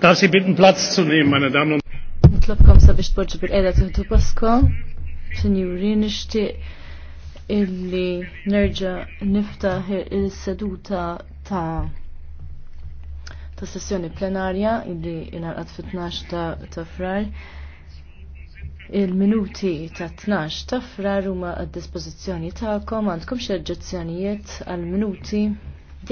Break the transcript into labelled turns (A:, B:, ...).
A: Darf Sie bitten, Platz zu nehmen, meine Damen und Herren?
B: Ich glaube, kommst du du bist Nitlobkom sabiex tporġu bil-qeda tiħdu
C: paskom, sinjuri nixtieq illi nerġa' niftaħ il-seduta ta' ta' sessjoni plenarja illi inarqat fit-12 ta' frar. Il-minuti ta' 12 ta' frar huma għad-dispożizzjoni tagħkom għandkom xi oġġezzjonijiet
D: għal-minuti